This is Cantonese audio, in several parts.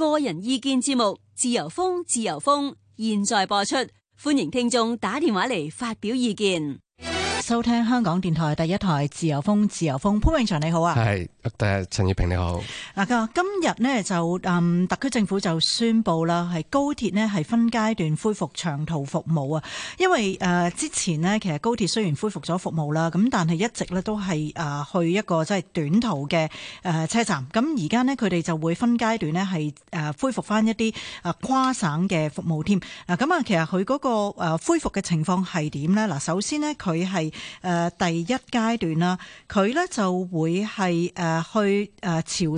個人意見節目，自由風，自由風，現在播出，歡迎聽眾打電話嚟發表意見。收聽香港電台第一台自由風，自由風。潘永祥你好啊。係，誒，陳月平你好。嗱，今日呢，就誒，特區政府就宣布啦，係高鐵呢係分階段恢復長途服務啊。因為誒之前呢，其實高鐵雖然恢復咗服務啦，咁但係一直呢都係誒去一個即係短途嘅誒車站。咁而家呢，佢哋就會分階段呢係誒恢復翻一啲誒跨省嘅服務添。嗱，咁啊，其實佢嗰個誒恢復嘅情況係點呢？嗱，首先呢，佢係誒第一階段啦，佢咧就會係誒去誒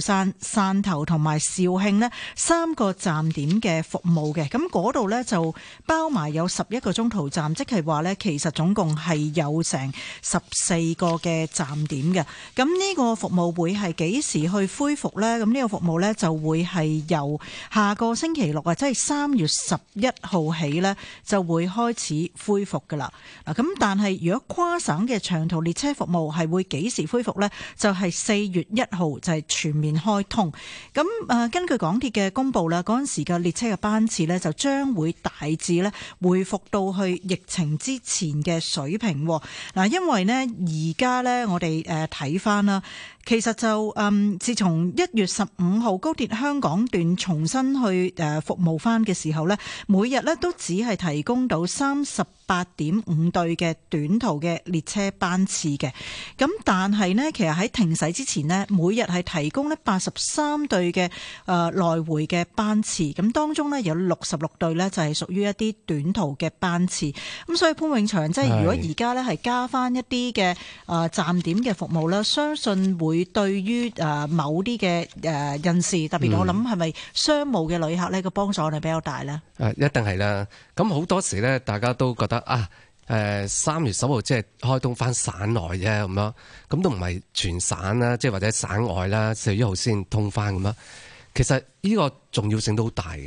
潮汕、汕頭同埋肇慶呢三個站點嘅服務嘅。咁嗰度呢，就包埋有十一個中途站，即係話呢，其實總共係有成十四個嘅站點嘅。咁、這、呢個服務會係幾時去恢復呢？咁、這、呢個服務呢，就會係由下個星期六啊，即係三月十一號起呢，就會開始恢復㗎啦。嗱，咁但係如果跨省嘅長途列車服務係會幾時恢復咧？就係四月一號就係全面開通。咁誒，根據港鐵嘅公布啦，嗰陣時嘅列車嘅班次咧，就將會大致咧回復到去疫情之前嘅水平。嗱，因為咧，而家咧我哋誒睇翻啦，其實就嗯自從一月十五號高鐵香港段重新去誒服務翻嘅時候咧，每日咧都只係提供到三十。八點五對嘅短途嘅列車班次嘅，咁但係呢，其實喺停駛之前呢，每日係提供呢八十三對嘅誒來回嘅班次，咁當中呢，有六十六對呢，就係屬於一啲短途嘅班次，咁所以潘永祥即係如果而家呢，係加返一啲嘅誒站點嘅服務啦，相信會對於誒某啲嘅誒人士，特別我諗係咪商務嘅旅客呢，個幫助係比較大呢？嗯，一定係啦，咁好多時呢，大家都覺得。啊，誒、呃、三月十號即係開通翻省內啫，咁樣咁都唔係全省啦，即係或者省外啦，四月一號先通翻咁樣。其實呢個重要性都好大嘅，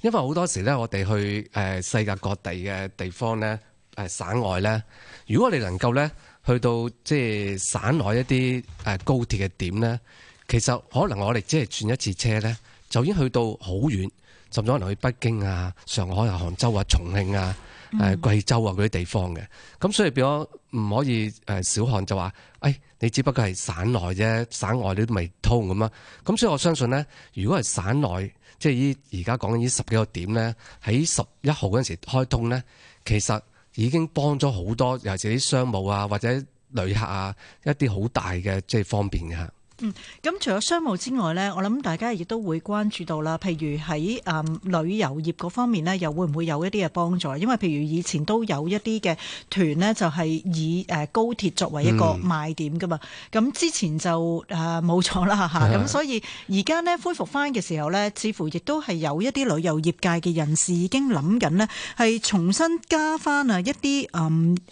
因為好多時咧，我哋去誒世界各地嘅地方咧，誒、呃、省外咧，如果我哋能夠咧去到即係省內一啲誒高鐵嘅點咧，其實可能我哋即係轉一次車咧，就已經去到好遠，甚至可能去北京啊、上海啊、杭州啊、重慶啊。誒、嗯呃、貴州啊嗰啲地方嘅，咁、嗯、所以變咗唔可以誒小看就話，誒、哎、你只不過係省內啫，省外你都未通咁啊，咁所以我相信咧，如果係省內，即係依而家講緊呢十幾個點咧，喺十一號嗰陣時開通咧，其實已經幫咗好多，尤其啲商務啊或者旅客啊一啲好大嘅即係方便嘅。嗯，咁除咗商務之外呢，我諗大家亦都會關注到啦。譬如喺誒、呃、旅遊業嗰方面呢，又會唔會有一啲嘅幫助？因為譬如以前都有一啲嘅團呢，就係以高鐵作為一個賣點噶嘛。咁、嗯、之前就誒冇、呃、錯啦吓。咁所以而家呢，恢復翻嘅時候呢，似乎亦都係有一啲旅遊業界嘅人士已經諗緊呢，係重新加翻啊一啲誒、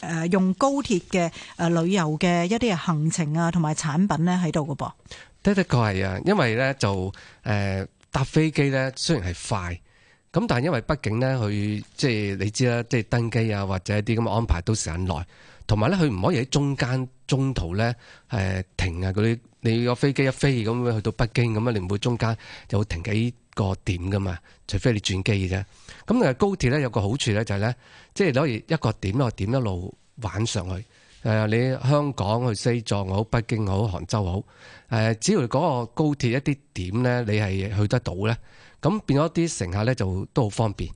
嗯、用高鐵嘅旅遊嘅一啲行程啊同埋產品呢喺度噶噃。的的確係啊，因為咧就，誒搭飛機咧，雖然係快，咁但係因為畢竟咧，佢即係你知啦，即係登機啊或者一啲咁嘅安排都時間耐，同埋咧佢唔可以喺中間中途咧誒停啊嗰啲，你個飛機一飛咁去到北京咁樣，你唔會中間有停幾個點噶嘛，除非你轉機嘅啫。咁誒高鐵咧有個好處咧就係咧，即係你可以一個點落點一路玩上去。呃、你香港去西藏好，北京好，杭州好，呃、只要嗰個高鐵一啲點咧，你係去得到咧，咁變咗啲乘客咧就都好方便。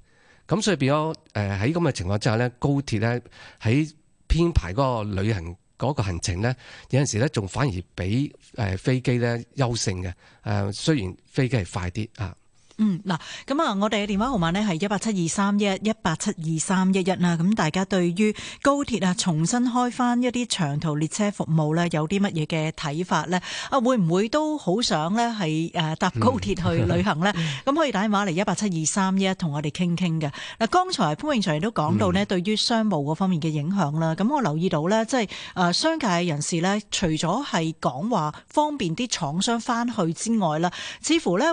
咁所以變咗喺咁嘅情況之下咧，高鐵咧喺編排嗰個旅行嗰、嗰個行程咧，有陣時咧仲反而比誒、飛機咧優勝嘅。誒、呃、雖然飛機係快啲啊。嗯，嗱，咁啊，我哋嘅電話號碼呢係一八七二三一一八七二三一一啦。咁大家對於高鐵啊重新開翻一啲長途列車服務呢，有啲乜嘢嘅睇法呢？啊，會唔會都好想呢？係誒搭高鐵去旅行呢？咁 可以打電話嚟一八七二三一一同我哋傾傾嘅。嗱，剛才潘永祥都講到呢對於商務嗰方面嘅影響啦。咁 我留意到呢，即係誒商界嘅人士呢，除咗係講話方便啲廠商翻去之外啦，似乎呢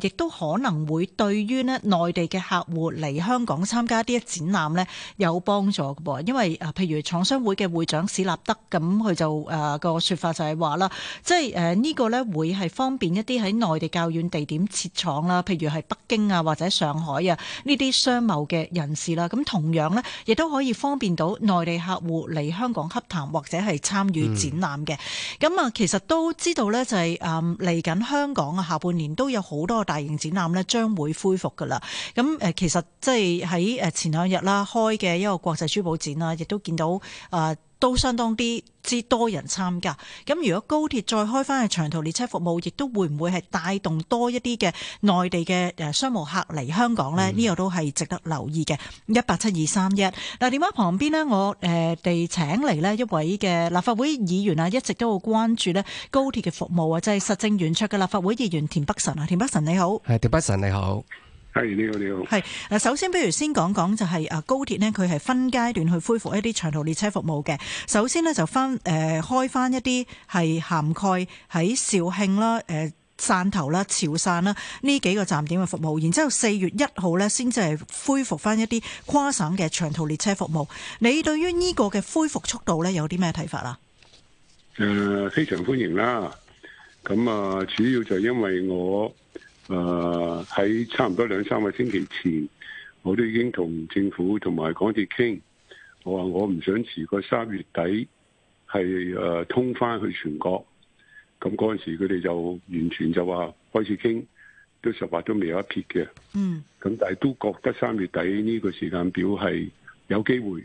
亦、呃、都可能。會對於咧，內地嘅客戶嚟香港參加一啲展覽咧有幫助嘅噃，因為誒譬如廠商會嘅會長史立德咁，佢就誒個說法就係話啦，即係誒呢個咧會係方便一啲喺內地較遠地點設廠啦，譬如係北京啊或者上海啊呢啲商貿嘅人士啦，咁同樣呢，亦都可以方便到內地客戶嚟香港洽談或者係參與展覽嘅、嗯。咁、嗯、啊，其實都知道呢就係誒嚟緊香港啊下半年都有好多大型展覽咧。將會恢復㗎喇。咁誒，其實即係喺誒前兩日啦，開嘅一個國際珠寶展啦，亦都見到啊。都相當啲，節多人參加咁。如果高鐵再開翻係長途列車服務，亦都會唔會係帶動多一啲嘅內地嘅誒商務客嚟香港呢？呢個都係值得留意嘅。一八七二三一嗱，電話旁邊呢，我誒哋請嚟呢一位嘅立法會議員啊，一直都好關注呢高鐵嘅服務啊，就係實政圓桌嘅立法會議員田北辰啊，田北辰你好，係田北辰你好。係你好，你好。係嗱，首先不如先講講就係高鐵呢，佢係分階段去恢復一啲長途列車服務嘅。首先呢，就翻誒開翻一啲係涵蓋喺肇慶啦、誒、呃、汕頭啦、潮汕啦呢幾個站點嘅服務。然之後四月一號呢，先至係恢復翻一啲跨省嘅長途列車服務。你對於呢個嘅恢復速度呢，有啲咩睇法啊？誒，非常歡迎啦。咁啊，主要就因為我。誒，喺差唔多兩三個星期前，我都已經同政府同埋港鐵傾，我話我唔想遲過三月底，係誒、uh, 通翻去全國。咁嗰陣時佢哋就完全就話開始傾，都實話都未有一撇嘅。嗯。咁但係都覺得三月底呢個時間表係有機會。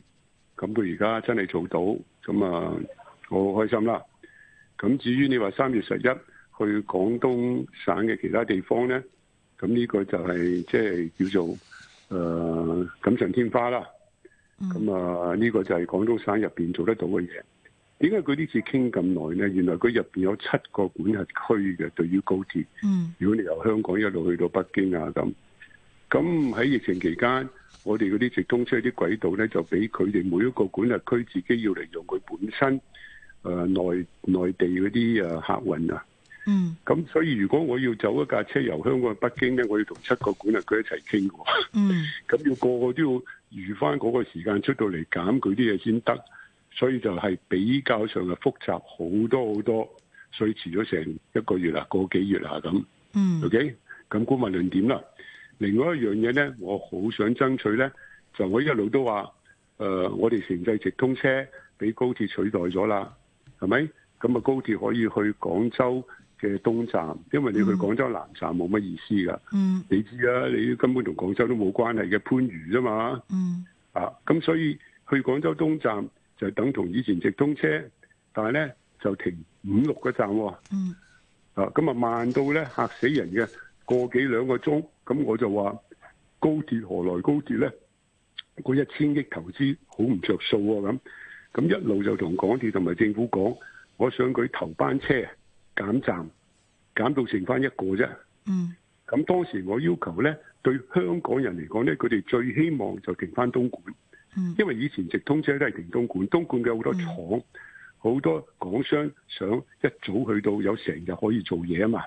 咁佢而家真係做到，咁啊，我好開心啦。咁至於你話三月十一。去廣東省嘅其他地方呢，咁呢個就係即係叫做誒錦上添花啦。咁啊，呢個就係廣東省入邊做得到嘅嘢。點解佢呢次傾咁耐呢？原來佢入邊有七個管轄區嘅，對於高鐵。嗯，如果你由香港一路去到北京啊，咁咁喺疫情期間，我哋嗰啲直通車啲軌道呢，就俾佢哋每一個管轄區自己要嚟用佢本身誒內內地嗰啲誒客運啊。嗯，咁所以如果我要走一架車由香港去北京咧，我要同七個管轄區一齊傾嘅，嗯，咁要個個都要預翻嗰個時間出到嚟減佢啲嘢先得，所以就係比較上嘅複雜好多好多，所以遲咗成一個月啦，個幾月啦咁，嗯，OK，咁估問論點啦，另外一樣嘢咧，我好想爭取咧，就我一路都話，誒、呃，我哋城際直通車俾高鐵取代咗啦，係咪？咁啊高鐵可以去廣州。嘅東站，因為你去廣州南站冇乜意思噶、嗯，你知啦、啊，你根本同廣州都冇關係嘅番禺啫嘛，啊，咁所以去廣州東站就等同以前直通車，但係咧就停五六個站啊、嗯，啊，咁啊慢到咧嚇死人嘅，個幾兩個鐘，咁我就話高鐵何來高鐵咧？個一千億投資好唔着數啊咁，咁一路就同港鐵同埋政府講，我想佢頭班車。減站，減到剩翻一個啫。嗯，咁當時我要求呢，對香港人嚟講呢，佢哋最希望就停翻東莞。嗯，因為以前直通車都係停東莞，東莞嘅好多廠，嗯，好多港商想一早去到有成日可以做嘢啊嘛。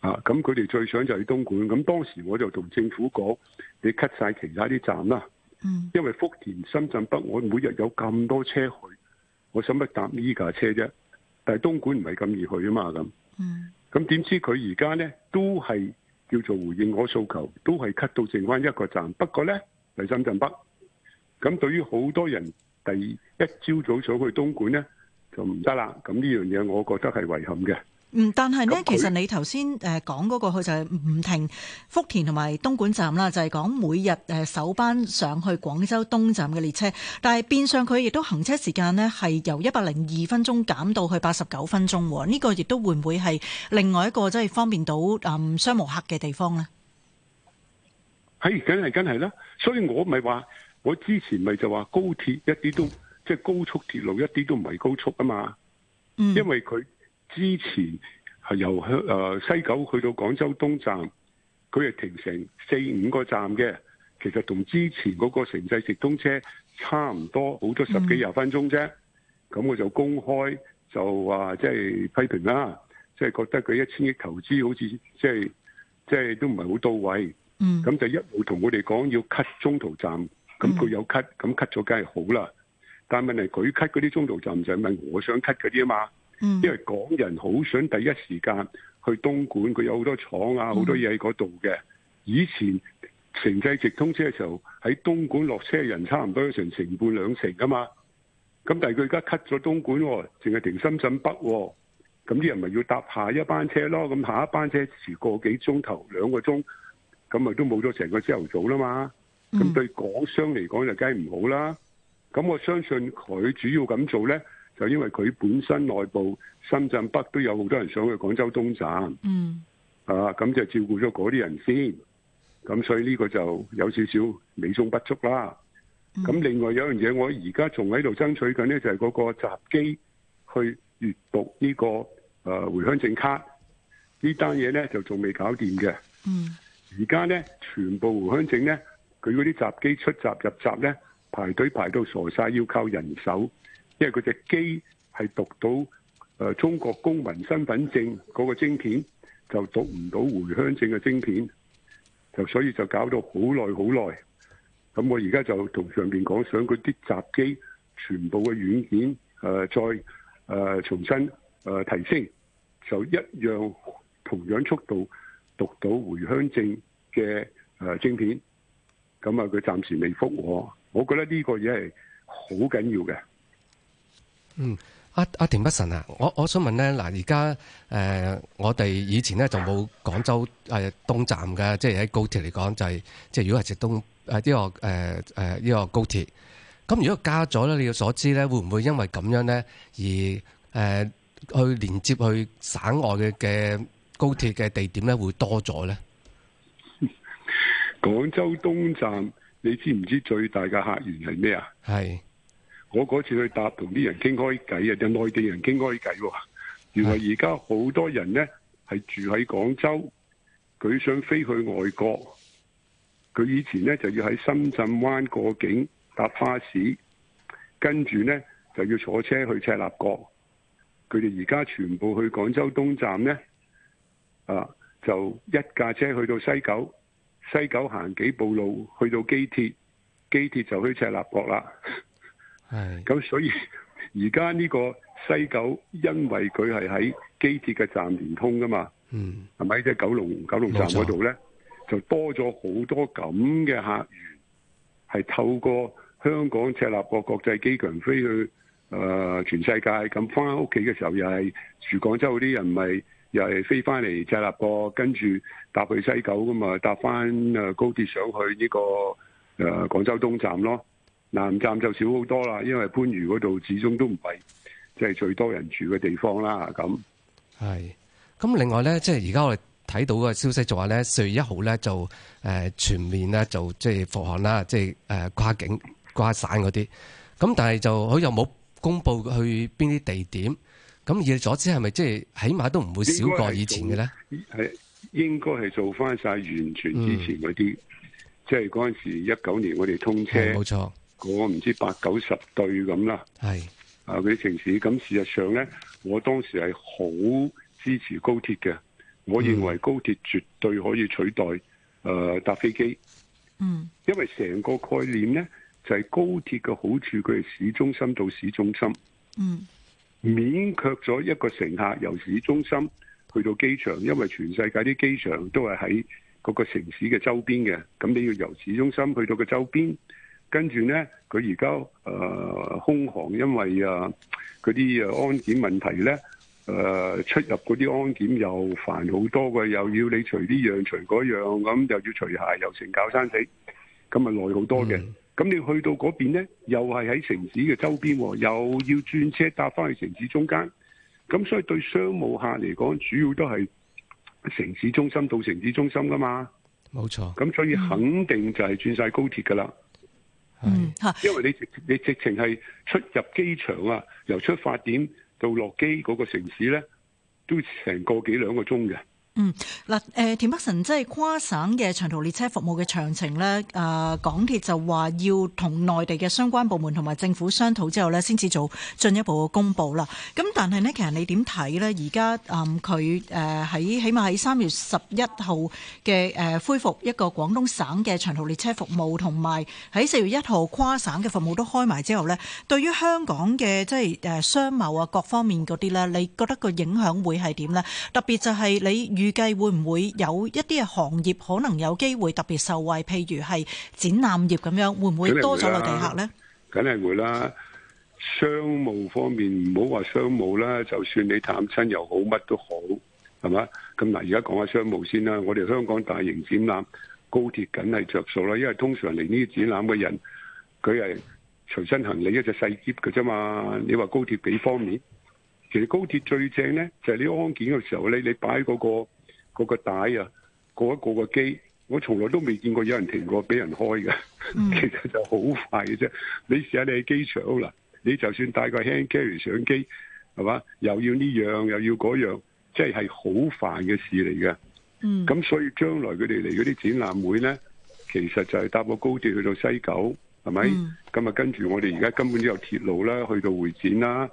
啊，咁佢哋最想就係東莞。咁當時我就同政府講，你 cut 晒其他啲站啦。嗯，因為福田、深圳北，我每日有咁多車去，我使乜搭呢架車啫？但係東莞唔係咁易去啊嘛，咁，咁點知佢而家咧都係叫做回應我訴求，都係 cut 到剩翻一個站，不過咧嚟深圳北。咁對於好多人第一朝早想去東莞咧就唔得啦，咁呢樣嘢我覺得係遺憾嘅。嗯，但係呢，其實你頭先誒講嗰個佢就係唔停福田同埋東莞站啦，就係講每日誒首班上去廣州東站嘅列車，但係變相佢亦都行車時間呢係由一百零二分鐘減到去八十九分鐘喎。呢個亦都會唔會係另外一個即係方便到誒商務客嘅地方呢？係，梗係，梗係啦。所以我咪話，我之前咪就話高鐵一啲都即係高速鐵路一啲都唔係高速啊嘛。嗯。因為佢。之前係由誒西九去到廣州東站，佢係停成四五個站嘅，其實同之前嗰個城際直通車差唔多，好多十幾廿分鐘啫。咁、嗯、我就公開就話即係批評啦，即、就、係、是、覺得佢一千億投資好似即係即係都唔係好到位。嗯，咁就一路同我哋講要 cut 中途站，咁佢有 cut，咁 cut 咗梗係好啦。但問題佢 cut 嗰啲中途站，就係問我想 cut 嗰啲啊嘛。因為港人好想第一時間去東莞，佢有好多廠啊，好多嘢喺嗰度嘅。以前城際直通車嘅時候，喺東莞落車嘅人差唔多成成半兩成㗎嘛。咁但係佢而家 cut 咗東莞喎，淨係停深圳北喎。咁啲人咪要搭下一班車咯。咁下一班車遲個幾鐘頭，兩個鐘，咁咪都冇咗成個朝頭早啦嘛。咁對港商嚟講就梗係唔好啦。咁我相信佢主要咁做咧，就因為佢本身內部深圳北都有好多人想去廣州東站，嗯，啊，咁就照顧咗嗰啲人先。咁所以呢個就有少少美中不足啦。咁、嗯、另外有樣嘢，我而家仲喺度爭取緊呢，就係、是、嗰個閘機去閱讀呢個回鄉證卡呢單嘢呢，就仲未搞掂嘅。嗯，而家呢，全部回鄉證呢，佢嗰啲閘機出閘入閘呢，排隊排到傻晒，要靠人手。因為佢隻機係讀到誒中國公民身份證嗰個晶片，就讀唔到回鄉證嘅晶片，就所以就搞到好耐好耐。咁我而家就同上面講，想嗰啲閘機全部嘅軟件誒、呃、再誒、呃、重新誒、呃、提升，就一樣同樣速度讀到回鄉證嘅誒、呃、晶片。咁啊，佢暫時未復我，我覺得呢個嘢係好緊要嘅。嗯，阿、啊、阿田北辰啊，我我想問咧，嗱，而家誒我哋以前咧就冇廣州誒東站嘅，即係喺高鐵嚟講就係、是，即係如果係直東誒呢個誒誒呢個高鐵，咁如果加咗咧，你要所知咧，會唔會因為咁樣咧而誒、呃、去連接去省外嘅嘅高鐵嘅地點咧，會多咗咧？廣州東站，你知唔知最大嘅客源係咩啊？係。我嗰次去搭同啲人傾開偈啊，就內地人傾開偈。原來而家好多人呢係住喺廣州，佢想飛去外國，佢以前呢就要喺深圳灣過境搭巴士，跟住呢就要坐車去赤鱲角。佢哋而家全部去廣州東站呢，啊，就一架車去到西九，西九行幾步路去到機鐵，機鐵就去赤鱲角啦。係咁，所以而家呢個西九，因為佢係喺機鐵嘅站連通噶嘛，嗯，係咪即係九龍九龍站嗰度咧，就多咗好多咁嘅客源，係透過香港赤鱲角國際機場飛去誒、呃、全世界，咁返屋企嘅時候又係住廣州嗰啲人，咪又係飛返嚟赤鱲角，跟住搭去西九噶嘛，搭返誒高鐵上去呢、這個誒廣、呃、州東站咯。南站就少好多啦，因為番禺嗰度始終都唔係即係最多人住嘅地方啦。咁係，咁另外咧，即係而家我哋睇到個消息就話咧，四月一號咧就誒全面咧就即係復航啦，即係誒跨境跨省嗰啲。咁但係就好又冇公布去邊啲地點，咁以阻止係咪即係起碼都唔會少過以前嘅咧？係應該係做翻晒完全之前嗰啲，即係嗰陣時一九年我哋通車，冇錯。我唔知八九十對咁啦，係啊，啲城市咁事實上呢，我當時係好支持高鐵嘅，我認為高鐵絕對可以取代誒搭飛機。嗯，呃、因為成個概念呢，就係、是、高鐵嘅好處，佢係市中心到市中心。嗯，免卻咗一個乘客由市中心去到機場，因為全世界啲機場都係喺各個城市嘅周邊嘅，咁你要由市中心去到個周邊。跟住呢，佢而家誒空航，因為啊嗰啲誒安檢問題呢，誒、呃、出入嗰啲安檢又煩好多嘅，又要你除呢樣除嗰樣，咁又要除鞋，又成教生死，咁咪耐好多嘅。咁、嗯、你去到嗰邊呢，又係喺城市嘅周邊，又要轉車搭翻去城市中間，咁所以對商務客嚟講，主要都係城市中心到城市中心噶嘛。冇錯。咁所以肯定就係轉晒高鐵噶啦。嗯， 因為你直你直情係出入機場啊，由出發點到落機嗰個城市咧，都成個幾兩個鐘嘅。嗯，嗱，誒，田北辰，即係跨省嘅長途列車服務嘅詳情咧，誒、呃，港鐵就話要同內地嘅相關部門同埋政府商討之後咧，先至做進一步嘅公布啦。咁但係咧，其實你點睇咧？而家啊，佢誒喺起碼喺三月十一號嘅誒恢復一個廣東省嘅長途列車服務，同埋喺四月一號跨省嘅服務都開埋之後咧，對於香港嘅即係誒、呃、商貿啊各方面嗰啲咧，你覺得個影響會係點咧？特別就係你預計會唔會有一啲行業可能有機會特別受惠？譬如係展覽業咁樣，會唔會多咗內地客呢？梗係會啦，商務方面唔好話商務啦，就算你探親又好，乜都好，係嘛？咁嗱，而家講下商務先啦。我哋香港大型展覽，高鐵梗係着數啦。因為通常嚟呢啲展覽嘅人，佢係隨身行李一隻細篋嘅啫嘛。你話高鐵幾方便。其實高鐵最正咧，就係你安檢嘅時候咧，你擺嗰個嗰個帶啊，過一過個機，我從來都未見過有人停過俾人開㗎，其實就好快嘅啫。你試下你喺機場好啦，你就算帶個 hand carry 上機，係嘛，又要呢樣又要嗰樣，即係係好煩嘅事嚟嘅。咁，嗯，所以將來佢哋嚟嗰啲展覽會咧，其實就係搭個高鐵去到西九，係咪？咁，嗯，啊，跟住我哋而家根本都有鐵路啦，去到會展啦。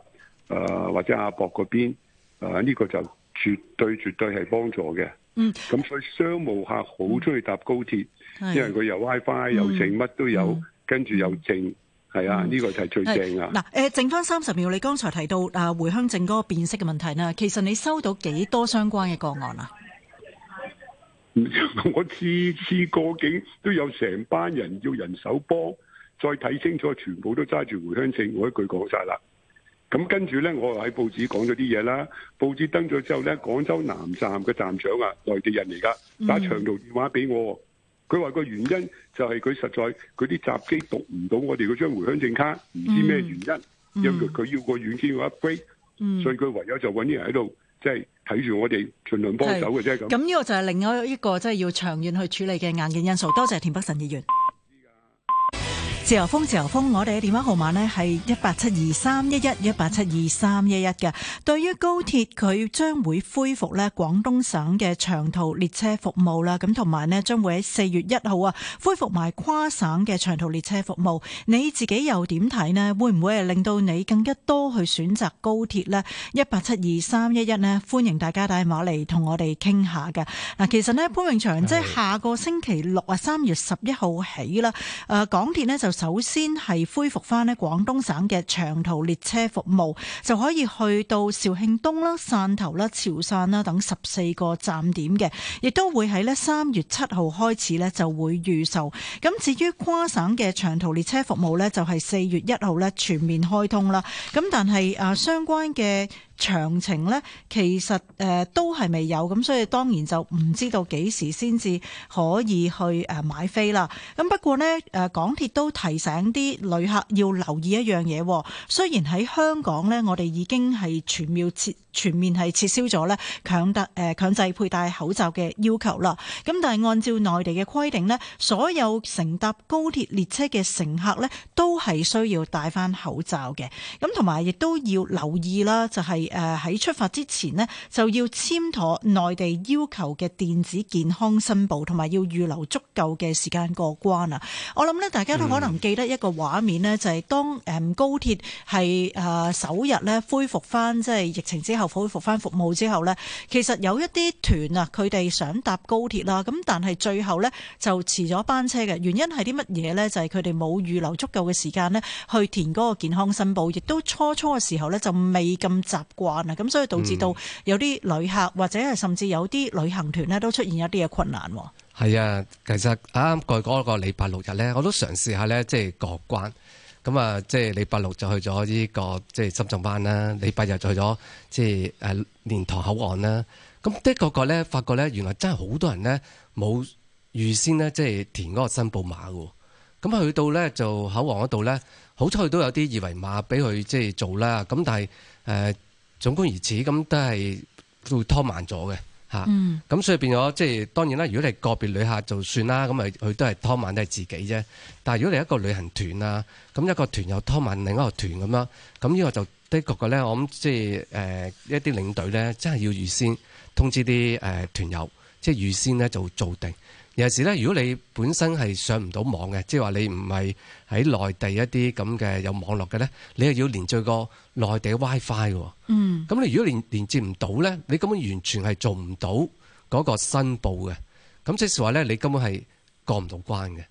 誒、呃，或者阿博嗰邊，誒、呃、呢、這個就絕對絕對係幫助嘅。嗯，咁所以商務客好中意搭高鐵，因為佢有 WiFi，有剩乜都有，嗯、跟住有剩，係啊，呢、嗯，這個就係最正啊。嗱，誒、呃，剩翻，三十秒，你剛才提到、啊、回鄉證嗰個變色嘅問題啦，其實你收到幾多相關嘅個案啊？我次次過境都有成班人要人手幫，再睇清楚，全部都揸住回鄉證，我一句講晒啦。咁跟住咧，我喺報紙講咗啲嘢啦。報紙登咗之後咧，廣州南站嘅站長啊，內地人嚟㗎，打長途電話俾我。佢話個原因就係佢實在佢啲閘機讀唔到我哋嗰張回鄉證卡，唔知咩原因。嗯嗯、因為佢要個軟件要 upgrade，嗯、所以佢唯有就搵啲人喺度即係睇住我哋，盡量幫手嘅啫。咁咁呢個就係另外一個即係、就是、要長遠去處理嘅硬件因素。多謝田北辰議員。自由風，自由風，我哋嘅電話號碼呢係一八七二三一一一八七二三一一嘅。對於高鐵，佢將會恢復呢廣東省嘅長途列車服務啦。咁同埋呢，將會喺四月一號啊恢復埋跨省嘅長途列車服務。你自己又點睇呢？會唔會令到你更加多去選擇高鐵呢？一八七二三一一呢？1872311，歡迎大家打電話嚟同我哋傾下嘅。嗱，其實呢，潘永祥即係下個星期六啊，三月十一號起啦，呃，港鐵呢就。首先係恢復翻咧廣東省嘅長途列車服務，就可以去到肇慶東啦、汕頭啦、潮汕啦等十四個站點嘅，亦都會喺咧三月七號開始咧就會預售。咁至於跨省嘅長途列車服務呢就係四月一號咧全面開通啦。咁但係啊相關嘅。詳情呢，其實都係未有咁，所以當然就唔知道幾時先至可以去誒買飛啦。咁不過呢，港鐵都提醒啲旅客要留意一樣嘢，雖然喺香港呢，我哋已經係全面設。全面係撤銷咗咧強帶誒強制佩戴口罩嘅要求啦。咁但係按照內地嘅規定咧，所有乘搭高鐵列車嘅乘客咧都係需要戴翻口罩嘅。咁同埋亦都要留意啦，就係誒喺出發之前咧就要簽妥內地要求嘅電子健康申報同埋要預留足夠嘅時間過關啊。我諗咧大家都可能記得一個畫面咧、嗯，就係、是、當誒高鐵係誒首日咧恢復翻即係疫情之後恢復返服務之後咧，其實有一啲團啊，佢哋想搭高鐵啦，咁但係最後咧就遲咗班車嘅，原因係啲乜嘢咧？就係佢哋冇預留足夠嘅時間咧，去填嗰個健康申報，亦都初初嘅時候咧就未咁習慣啊，咁所以導致到有啲旅客或者係甚至有啲旅行團咧都出現一啲嘅困難。係啊，其實啱啱過嗰個禮拜六日咧，我都嘗試下咧，即係過關。.咁啊，即係禮拜六就去咗呢個即係深圳灣啦，禮拜日就去咗即係誒蓮塘口岸啦。咁的確個咧，發覺咧，原來真係好多人咧冇預先咧，即係填嗰個申報碼嘅。咁去到咧就口岸嗰度咧，好彩都有啲二維碼俾佢即係做啦。咁但係誒總觀而此咁都係會拖慢咗嘅。嚇、嗯、咁、啊、所以變咗即係當然啦。如果你個別旅客就算啦，咁咪佢都係拖晚都係自己啫。但係如果你一個旅行團啦，咁一個團友拖晚另一個團咁樣，咁呢個就的確嘅咧。我諗即係誒一啲領隊咧，真係要預先通知啲誒、呃、團友，即係預先咧就做，做定。有時咧，如果你本身係上唔到網嘅，即係話你唔係喺內地一啲咁嘅有網絡嘅咧，你又要連接一個內地嘅 WiFi 喎。嗯，咁你如果連連接唔到咧，你根本完全係做唔到嗰個申報嘅。咁即係話咧，你根本係過唔到關嘅。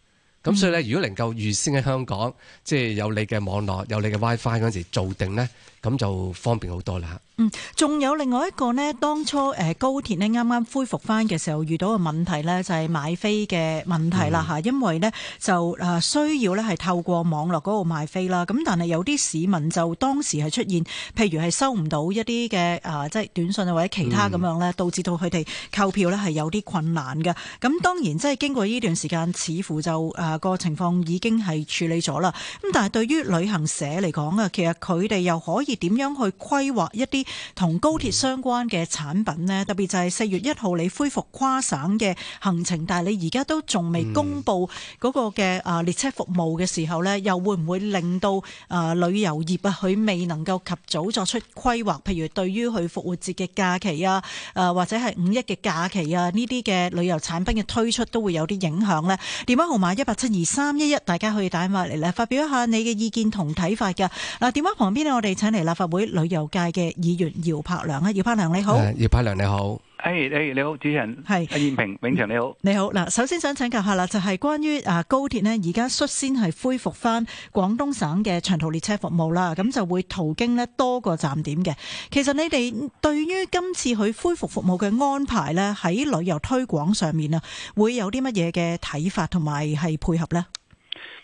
咁、嗯、所以咧，如果能夠預先喺香港，即係有你嘅網絡、有你嘅 WiFi 嗰陣時做定呢，咁就方便好多啦。嗯，仲有另外一個呢，當初誒高鐵呢啱啱恢復翻嘅時候，遇到嘅問題呢，就係買飛嘅問題啦嚇、嗯，因為呢，就誒需要呢係透過網絡嗰度買飛啦。咁但係有啲市民就當時係出現，譬如係收唔到一啲嘅誒即係短信或者其他咁樣呢，導致到佢哋購票呢係有啲困難嘅。咁當然即係經過呢段時間，似乎就誒。個情況已經係處理咗啦。咁但係對於旅行社嚟講啊，其實佢哋又可以點樣去規劃一啲同高鐵相關嘅產品呢？特別就係四月一號你恢復跨省嘅行程，但係你而家都仲未公布嗰個嘅啊列車服務嘅時候呢，又會唔會令到啊旅遊業啊佢未能夠及早作出規劃？譬如對於去復活節嘅假期啊，誒或者係五一嘅假期啊呢啲嘅旅遊產品嘅推出都會有啲影響呢？電話號碼一八。七二三一一，大家可以打電話嚟咧，發表一下你嘅意見同睇法㗎。嗱，電話旁邊咧，我哋請嚟立法會旅遊界嘅議員姚柏良啊，姚柏良你好。姚柏良你好。誒、hey, hey，你好，主持人，係，阿燕平，永祥你好，你好，嗱，首先想請教下啦，就係、是、關於啊高鐵呢，而家率先係恢復翻廣東省嘅長途列車服務啦，咁就會途經呢多個站點嘅。其實你哋對於今次佢恢復服務嘅安排呢，喺旅遊推廣上面啊，會有啲乜嘢嘅睇法同埋係配合呢？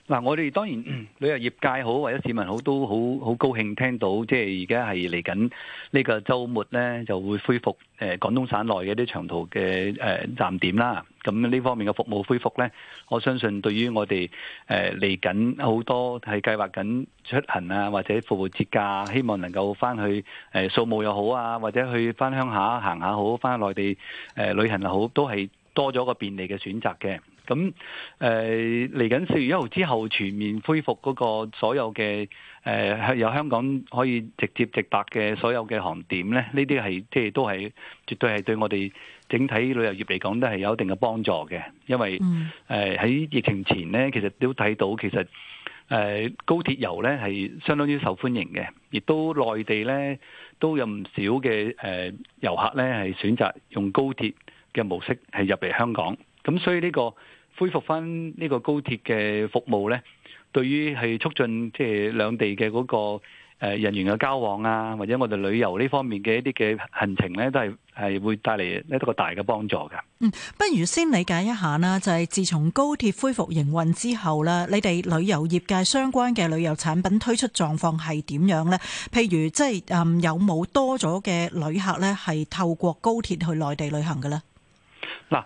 嗱，我哋當然旅遊業界好，或者市民好，都好好高興聽到，即係而家係嚟緊呢個週末呢，就會恢復誒、呃、廣東省內嘅啲長途嘅誒、呃、站點啦。咁呢方面嘅服務恢復呢，我相信對於我哋誒嚟緊好多係計劃緊出行啊，或者復活節假、啊，希望能夠翻去誒掃墓又好啊，或者去翻鄉下行下好，翻內地、呃呃、旅行又好，都係多咗個便利嘅選擇嘅。咁誒嚟緊四月一號，之後全面恢復嗰個所有嘅誒由香港可以直接直達嘅所有嘅航點咧，呢啲係即係都係絕對係對我哋整體旅遊業嚟講都係有一定嘅幫助嘅，因為誒喺、呃、疫情前咧，其實都睇到其實誒、呃、高鐵遊咧係相當之受歡迎嘅，亦都內地咧都有唔少嘅誒、呃、遊客咧係選擇用高鐵嘅模式係入嚟香港，咁所以呢、呢個。恢復翻呢個高鐵嘅服務呢，對於係促進即係兩地嘅嗰個誒人員嘅交往啊，或者我哋旅遊呢方面嘅一啲嘅行程呢，都係係會帶嚟一個大嘅幫助噶。嗯，不如先理解一下啦，就係、係、自從高鐵恢復營運之後呢，你哋旅遊業界相關嘅旅遊產品推出狀況係點樣呢？譬如即係、嗯、有冇多咗嘅旅客呢，係透過高鐵去內地旅行嘅呢？嗱，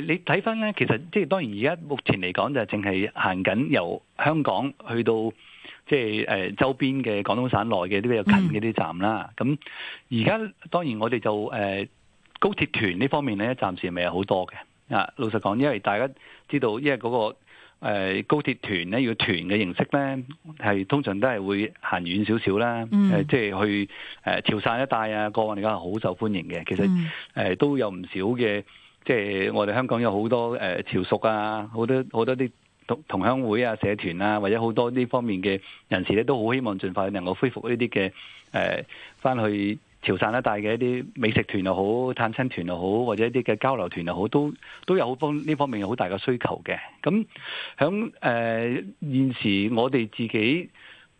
你睇翻咧，其實即係當然而家目前嚟講就係淨係行緊由香港去到即係周邊嘅廣東省內嘅比較近嘅啲站啦。咁而家當然我哋就高鐵團呢方面咧，暫時未有好多嘅。啊，老實講，因為大家知道，因為嗰個高鐵團咧要團嘅形式咧，係通常都係會行遠少少啦，嗯、即係去誒潮汕一帶啊，個案嚟講係好受歡迎嘅。其實都有唔少嘅。即、就、係、是、我哋香港有好多誒、呃、潮屬啊，好多好多啲同同鄉會啊、社團啊，或者好多呢方面嘅人士咧，都好希望儘快能夠恢復呢啲嘅誒，翻、呃、去潮汕帶一帶嘅一啲美食團又好、探親團又好，或者一啲嘅交流團又好，都都有好方呢方面有好大嘅需求嘅。咁喺誒現時我哋自己。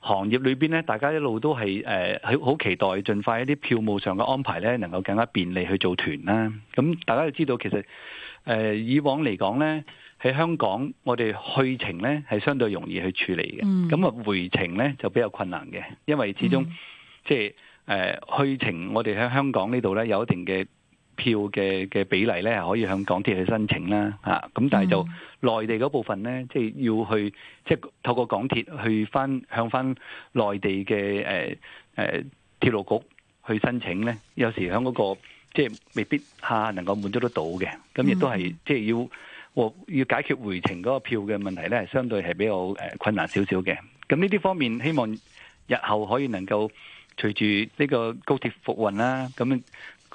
行業裏邊咧，大家一路都係誒，好、呃、好期待盡快一啲票務上嘅安排咧，能夠更加便利去做團啦。咁大家就知道，其實誒、呃、以往嚟講咧，喺香港我哋去程咧係相對容易去處理嘅，咁啊回程咧就比較困難嘅，因為始終即係誒去程我哋喺香港呢度咧有一定嘅。票嘅嘅比例咧，可以向港鐵去申請啦，嚇！咁但係就內地嗰部分咧，即係要去即係透過港鐵去翻向翻內地嘅誒誒鐵路局去申請咧，有時響嗰個即係未必嚇能夠滿足得到嘅，咁亦都係即係要要解決回程嗰個票嘅問題咧，相對係比較誒困難少少嘅。咁呢啲方面，希望日後可以能夠隨住呢個高鐵復運啦，咁。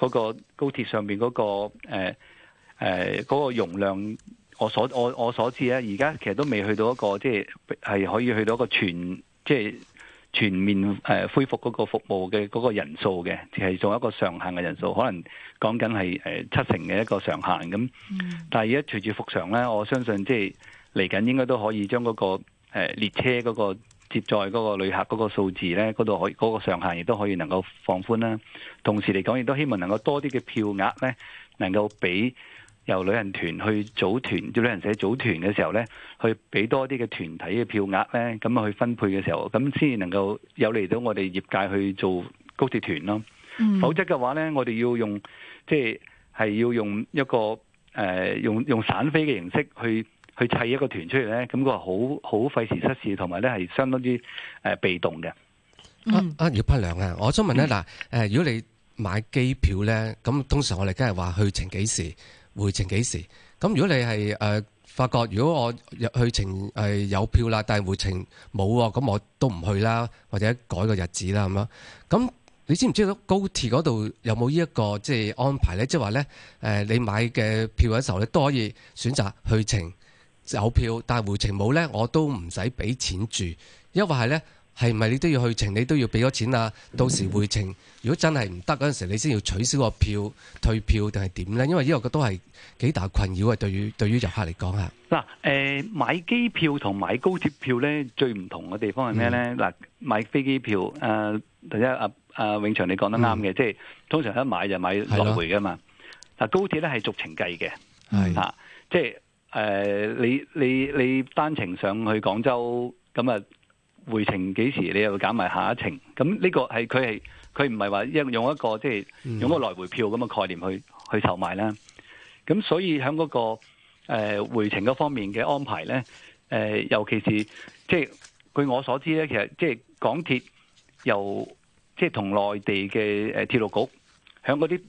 嗰、那個高鐵上面嗰、那個誒誒、呃那個、容量，我所我我所知咧、啊，而家其實都未去到一個即係係可以去到一個全即係、就是、全面誒恢復嗰個服務嘅嗰個人數嘅，係、就、仲有、是、一個上限嘅人數，可能講緊係誒七成嘅一個上限咁。Mm. 但係而家隨住復常咧，我相信即係嚟緊應該都可以將嗰個列車嗰、那個。接載嗰個旅客嗰個數字咧，嗰度可嗰個上限亦都可以能夠放寬啦。同時嚟講，亦都希望能夠多啲嘅票額咧，能夠俾由旅行團去組團，叫旅行社組團嘅時候咧，去俾多啲嘅團體嘅票額咧，咁去分配嘅時候，咁先能夠有利到我哋業界去做高鐵團咯、嗯。否則嘅話咧，我哋要用，即係係要用一個誒、呃、用用散飛嘅形式去，去砌一個團出嚟咧，咁佢話好好費時失事，同埋咧係相當之誒被動嘅、嗯。啊，阿姚柏良啊，我想問一嗱，誒，如果你買機票咧，咁通常我哋梗係話去程幾時，回程幾時。咁如果你係誒、呃、發覺，如果我去程係有票啦，但係回程冇啊，咁我都唔去啦，或者改個日子啦，咁咯。咁你知唔知道高鐵嗰度有冇呢一個即係安排咧？即係話咧，誒、呃，你買嘅票嘅時候咧，你都可以選擇去程有票但係回程冇咧，我都唔使俾錢住，因為係咧，係咪你都要去程，你都要俾咗錢啊？到時回程，如果真係唔得嗰陣時，你先要取消個票，退票定係點咧？因為呢個都係幾大困擾啊，對於對於遊客嚟講啊，嗱，誒買機票同買高鐵票咧，最唔同嘅地方係咩咧？嗱、嗯，買飛機票，誒、啊，第一啊啊，永祥你講得啱嘅，即、嗯、係、就是、通常一買就買來回噶嘛。嗱，高鐵咧係逐程計嘅，係啊，即、就、係、是。誒、呃，你你你單程上去廣州，咁啊回程幾時？你又會揀埋下一程。咁呢個係佢係佢唔係話用用一個即係、就是、用個來回票咁嘅概念去去售賣啦。咁所以喺嗰、那個誒、呃、回程嗰方面嘅安排咧，誒、呃、尤其是即係、就是、據我所知咧，其實即係港鐵又即係同內地嘅誒鐵路局喺嗰啲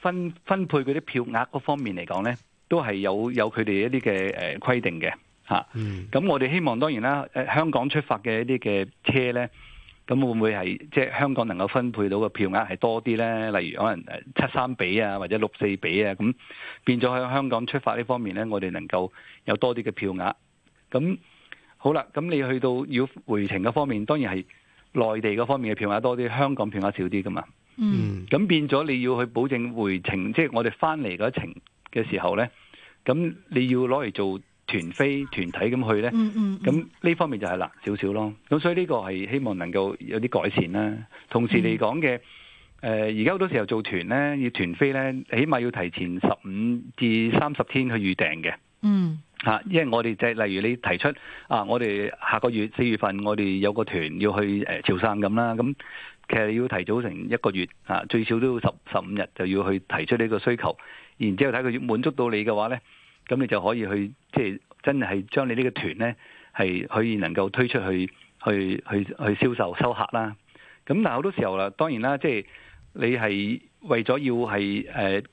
分分配嗰啲票額嗰方面嚟講咧，都係有有佢哋一啲嘅誒規定嘅吓，咁、嗯、我哋希望當然啦，誒香港出發嘅一啲嘅車咧，咁會唔會係即係香港能夠分配到嘅票額係多啲咧？例如可能七三比啊，或者六四比啊，咁變咗喺香港出發呢方面咧，我哋能夠有多啲嘅票額。咁好啦，咁你去到要回程嘅方面，當然係內地嗰方面嘅票額多啲，香港票額少啲㗎嘛。嗯，咁變咗你要去保證回程，即、就、係、是、我哋翻嚟嗰程。嘅時候呢，咁你要攞嚟做團飛團體咁去呢。咁呢方面就係難少少咯。咁所以呢個係希望能夠有啲改善啦。同時嚟講嘅，而家好多時候做團呢，要團飛呢，起碼要提前十五至三十天去預訂嘅。嗯，吓，因為我哋即係例如你提出啊，我哋下個月四月份我哋有個團要去、呃、潮汕咁啦，咁其實要提早成一個月啊，最少都要十十五日就要去提出呢個需求。然之後睇佢越滿足到你嘅話呢，咁你就可以去即係真係將你呢個團呢，係可以能夠推出去去去去銷售收客啦。咁但係好多時候啦，當然啦，即係你係為咗要係誒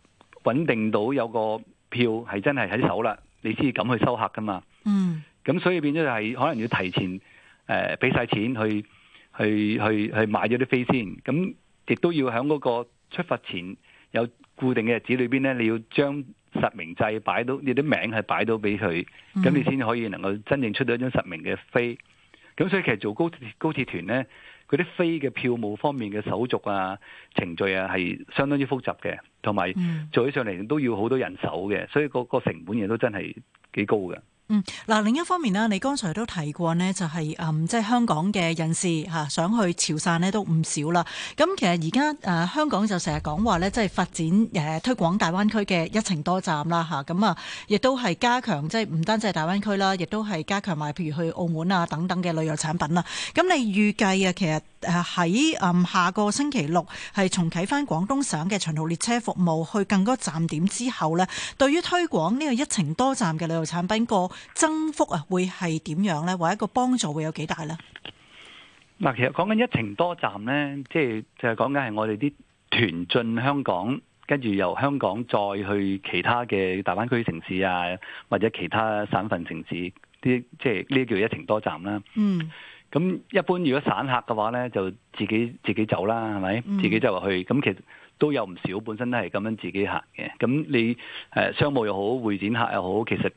穩定到有個票係真係喺手啦，你先至敢去收客噶嘛。嗯。咁所以變咗就係可能要提前誒俾曬錢去去去去去買咗啲飛先，咁亦都要喺嗰個出發前，有固定嘅日子裏邊咧，你要將實名制擺到你啲名係擺到俾佢，咁你先可以能夠真正出到一張實名嘅飛。咁所以其實做高鐵高鐵團咧，嗰啲飛嘅票務方面嘅手續啊、程序啊，係相當之複雜嘅，同埋做起上嚟都要好多人手嘅，所以個成本亦都真係幾高嘅。嗯，嗱，另一方面呢，你剛才都提過呢，就係、是、誒、嗯，即係香港嘅人士嚇想去潮汕呢都唔少啦。咁其實而家誒香港就成日講話咧，即係發展誒推廣大灣區嘅一程多站啦嚇。咁啊，亦都係加強即係唔單止係大灣區啦，亦都係加強埋譬如去澳門啊等等嘅旅遊產品啦。咁你預計啊，其實，喺下個星期六係重啟翻廣東省嘅長途列車服務，去更多站點之後呢，對於推廣呢個一程多站嘅旅遊產品個增幅啊，會係點樣呢？或者個幫助會有幾大呢？嗱，其實講緊一程多站呢，即係就係講緊係我哋啲團進香港，跟住由香港再去其他嘅大灣區城市啊，或者其他省份城市，啲即係呢個叫一程多站啦。嗯。咁一般如果散客嘅話呢，就自己自己走啦，係咪、嗯？自己走落去。咁其實都有唔少，本身都係咁樣自己行嘅。咁你誒商務又好，會展客又好，其實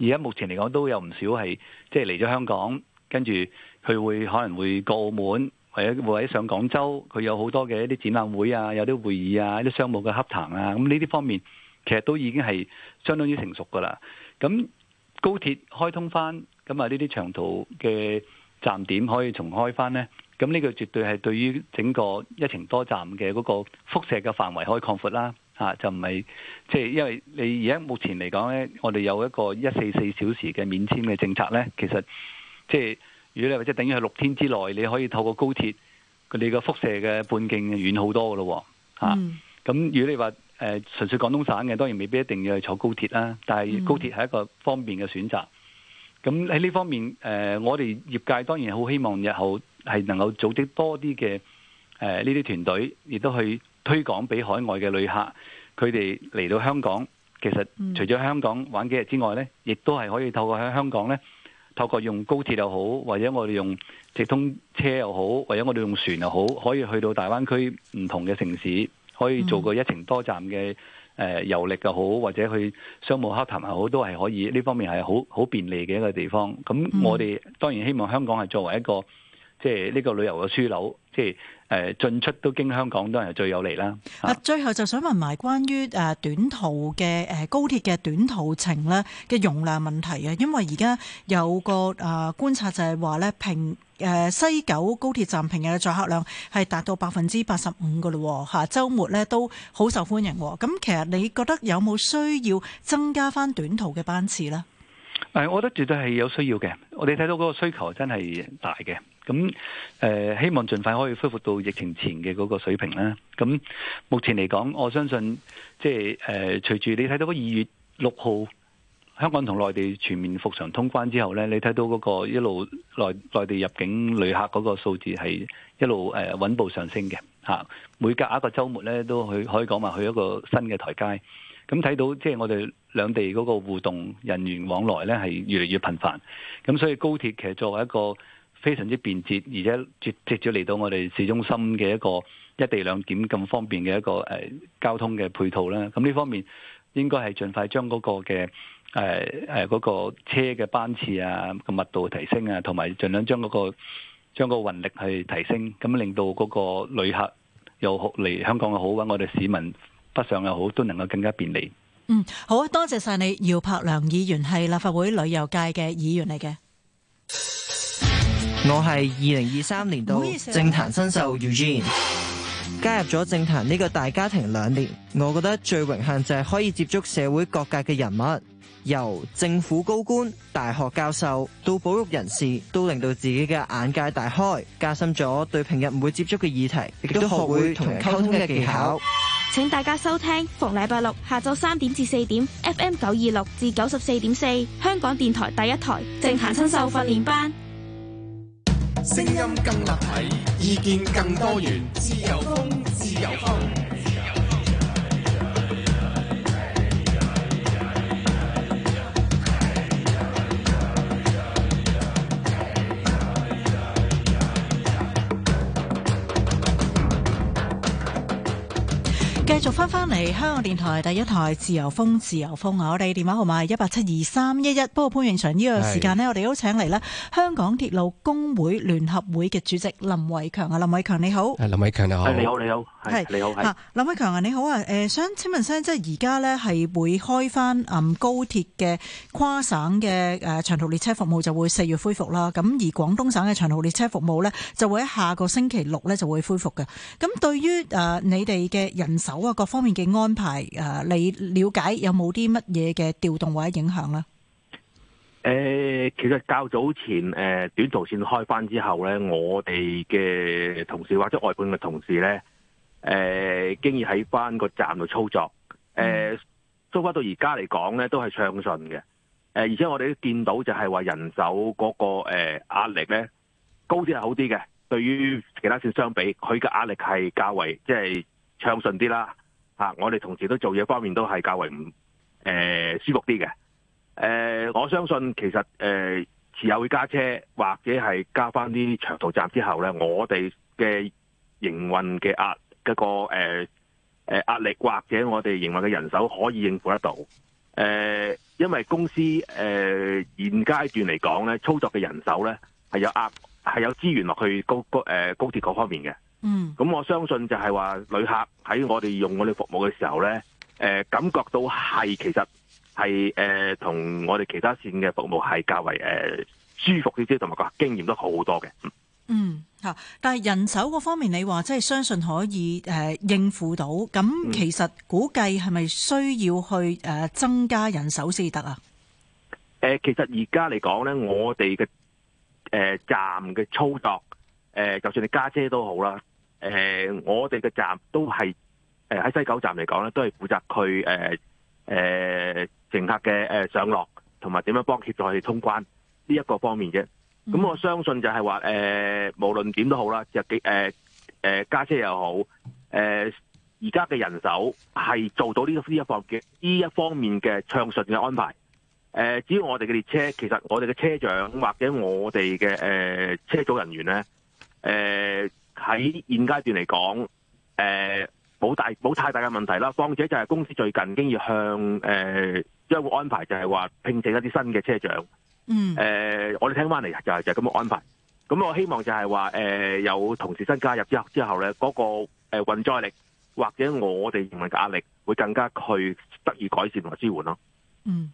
而家目前嚟講都有唔少係即係嚟咗香港，跟住佢會可能會過澳門，或者或者上廣州。佢有好多嘅一啲展覽會啊，有啲會議啊，一啲商務嘅洽談啊。咁呢啲方面其實都已經係相當於成熟㗎喇。咁高鐵開通返，咁啊呢啲長途嘅站點可以重開翻呢？咁呢個絕對係對於整個一程多站嘅嗰個輻射嘅範圍可以擴闊啦，啊、就唔係即係因為你而家目前嚟講呢，我哋有一個一四四小時嘅免簽嘅政策呢。其實即係、即係、如果你或者等於係六天之內，你可以透過高鐵佢哋個輻射嘅半徑就遠好多噶咯，嚇、嗯、咁、啊、如果你話誒純粹廣東省嘅，當然未必一定要去坐高鐵啦，但係高鐵係一個方便嘅選擇。咁喺呢方面，誒我哋業界當然好希望日後係能夠組織多啲嘅誒呢啲團隊，亦都去推廣俾海外嘅旅客，佢哋嚟到香港，其實除咗香港玩幾日之外咧，亦都係可以透過喺香港咧，透過用高鐵又好，或者我哋用直通車又好，或者我哋用船又好，可以去到大灣區唔同嘅城市，可以做個一程多站嘅。誒遊歷又好，或者去商務洽談又好，都係可以，呢方面係好好便利嘅一個地方。咁我哋當然希望香港係作為一個即係呢個旅遊嘅樞紐，即係。誒，進出都經香港都係最有利啦。嗱，最後就想問埋關於誒短途嘅誒高鐵嘅短途程咧嘅容量問題啊，因為而家有個誒觀察就係話咧平誒西九高鐵站平日嘅載客量係達到百分之八十五噶咯，吓週末咧都好受歡迎。咁其實你覺得有冇需要增加翻短途嘅班次咧？誒，我覺得絕對係有需要嘅。我哋睇到嗰個需求真係大嘅。咁、呃、希望盡快可以恢復到疫情前嘅嗰個水平啦。咁目前嚟講，我相信即係誒，隨住你睇到嗰二月六號香港同內地全面復常通關之後咧，你睇到嗰個一路內內地入境旅客嗰個數字係一路誒穩步上升嘅吓。每隔一個週末咧，都去可以講話去一個新嘅台階，咁睇到即係我哋兩地嗰個互動、人員往來咧，係越嚟越頻繁。咁所以高鐵其實作為一個非常之便捷，而且直直接嚟到我哋市中心嘅一個一地兩檢咁方便嘅一個誒交通嘅配套啦。咁呢方面應該係盡快將嗰個嘅誒誒嗰個車嘅班次啊、個密度提升啊，同埋儘量將嗰個將個運力去提升，咁令到嗰個旅客又好，嚟香港又好，我哋市民北上又好，都能夠更加便利。嗯，好啊，多謝晒你，姚柏良議員係立法會旅遊界嘅議員嚟嘅。我係二零二三年度政壇新秀 Eugene，加入咗政壇呢個大家庭兩年，我覺得最榮幸就係可以接觸社會各界嘅人物，由政府高官、大學教授到保育人士，都令到自己嘅眼界大開，加深咗對平日唔會接觸嘅議題，亦都學會同溝通嘅技巧。請大家收聽逢禮拜六下晝三點至四點，FM 九二六至九十四點四，香港電台第一台政壇新秀訓練班。聲音更立體，意見更多元，自由風，自由風。繼續翻翻嚟香港電台第一台自由風，自由風啊！我哋電話號碼係一八七二三一一。311，不過潘永祥呢個時間呢，我哋都請嚟呢香港鐵路工會聯合會嘅主席林偉強啊！林偉強你好，係林偉強你，你好，你好你好林偉強你好林偉強啊你好啊！誒、呃、想請問聲，即係而家呢係會開翻高鐵嘅跨省嘅誒長途列車服務就會四月恢復啦。咁而廣東省嘅長途列車服務呢，就會喺下個星期六呢就會恢復嘅。咁對於誒、呃、你哋嘅人手，各方面嘅安排，誒，你了解有冇啲乜嘢嘅調動或者影響咧？誒、呃，其實較早前誒、呃、短途線開翻之後咧，我哋嘅同事或者外判嘅同事咧，誒、呃，經已喺翻個站度操作，誒、呃，收、嗯、翻到而家嚟講咧都係暢順嘅，誒，而且我哋都見到就係話人手嗰個誒壓力咧高啲係好啲嘅，對於其他線相比，佢嘅壓力係較為即係。就是暢順啲啦，嚇！我哋同事都做嘢方面都係較為唔誒、呃、舒服啲嘅。誒、呃，我相信其實誒遲、呃、有會加車，或者係加翻啲長途站之後咧，我哋嘅營運嘅壓嗰個誒誒、呃、壓力，或者我哋營運嘅人手可以應付得到。誒、呃，因為公司誒、呃、現階段嚟講咧，操作嘅人手咧係有壓，係有資源落去高高誒、呃、高鐵嗰方面嘅。嗯，咁我相信就係話旅客喺我哋用我哋服務嘅時候咧，誒、呃、感覺到係其實係誒、呃、同我哋其他線嘅服務係較為誒、呃、舒服啲，啲同埋個經驗都好好多嘅。嗯，吓，但係人手個方面你，你話即係相信可以誒、呃、應付到，咁其實估計係咪需要去誒、呃、增加人手先得啊？誒、嗯呃，其實而家嚟講咧，我哋嘅誒站嘅操作，誒、呃、就算你加車都好啦。誒、呃，我哋嘅站都係喺、呃、西九站嚟講咧，都係負責佢誒誒乘客嘅、呃、上落同埋點樣幫協助去通關呢一、這個方面啫。咁我相信就係話誒，無論點都好啦，就幾誒誒加車又好，誒而家嘅人手係做到呢呢一方嘅呢一方面嘅暢順嘅安排。誒、呃，至於我哋嘅列車，其實我哋嘅車長或者我哋嘅誒車組人員咧，誒、呃。喺現階段嚟講，誒、呃，冇大冇太大嘅問題啦。況且就係公司最近經要向誒，即、呃、會安排就，就係話聘請一啲新嘅車長。嗯，誒、呃，我哋聽翻嚟又係就係咁嘅安排。咁我希望就係話，誒、呃，有同事新加入之之後咧，嗰、那個誒運載力或者我哋營運嘅壓力會更加去得以改善同埋支援咯。嗯，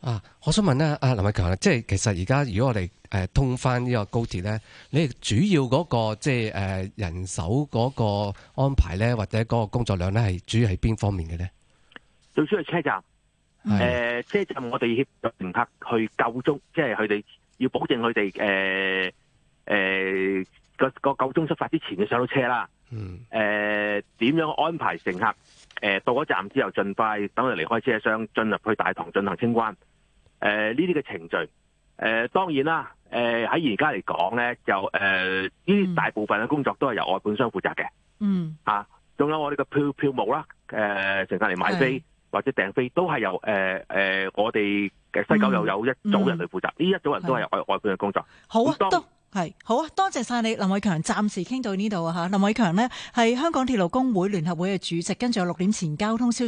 啊，我想問咧、啊，阿林偉強，即係其實而家如果我哋。誒，通返呢個高鐵咧，你主要嗰、那個即係誒、呃、人手嗰個安排咧，或者嗰個工作量咧，係主要係邊方面嘅咧？最主要係車站，誒、嗯呃，車站我哋協助乘客去夠鐘，即係佢哋要保證佢哋誒誒個個夠鐘出發之前要上到車啦。嗯。誒、呃，點樣安排乘客？誒、呃，到咗站之後，盡快等佢離開車廂，進入去大堂進行清關。誒、呃，呢啲嘅程序。誒、呃，當然啦，誒喺而家嚟講咧，就誒呢、呃、大部分嘅工作都係由外判商負責嘅，嗯，啊仲有我哋嘅票票務啦，誒、呃、乘客嚟買飛或者訂飛都係由誒、呃呃、我哋嘅西九又有一組人嚟負責，呢、嗯嗯、一組人都係外外判嘅工作。好啊，都係，好啊，多謝晒你林，林偉強，暫時傾到呢度啊嚇。林偉強咧係香港鐵路工會聯合會嘅主席，跟住六點前交通消息。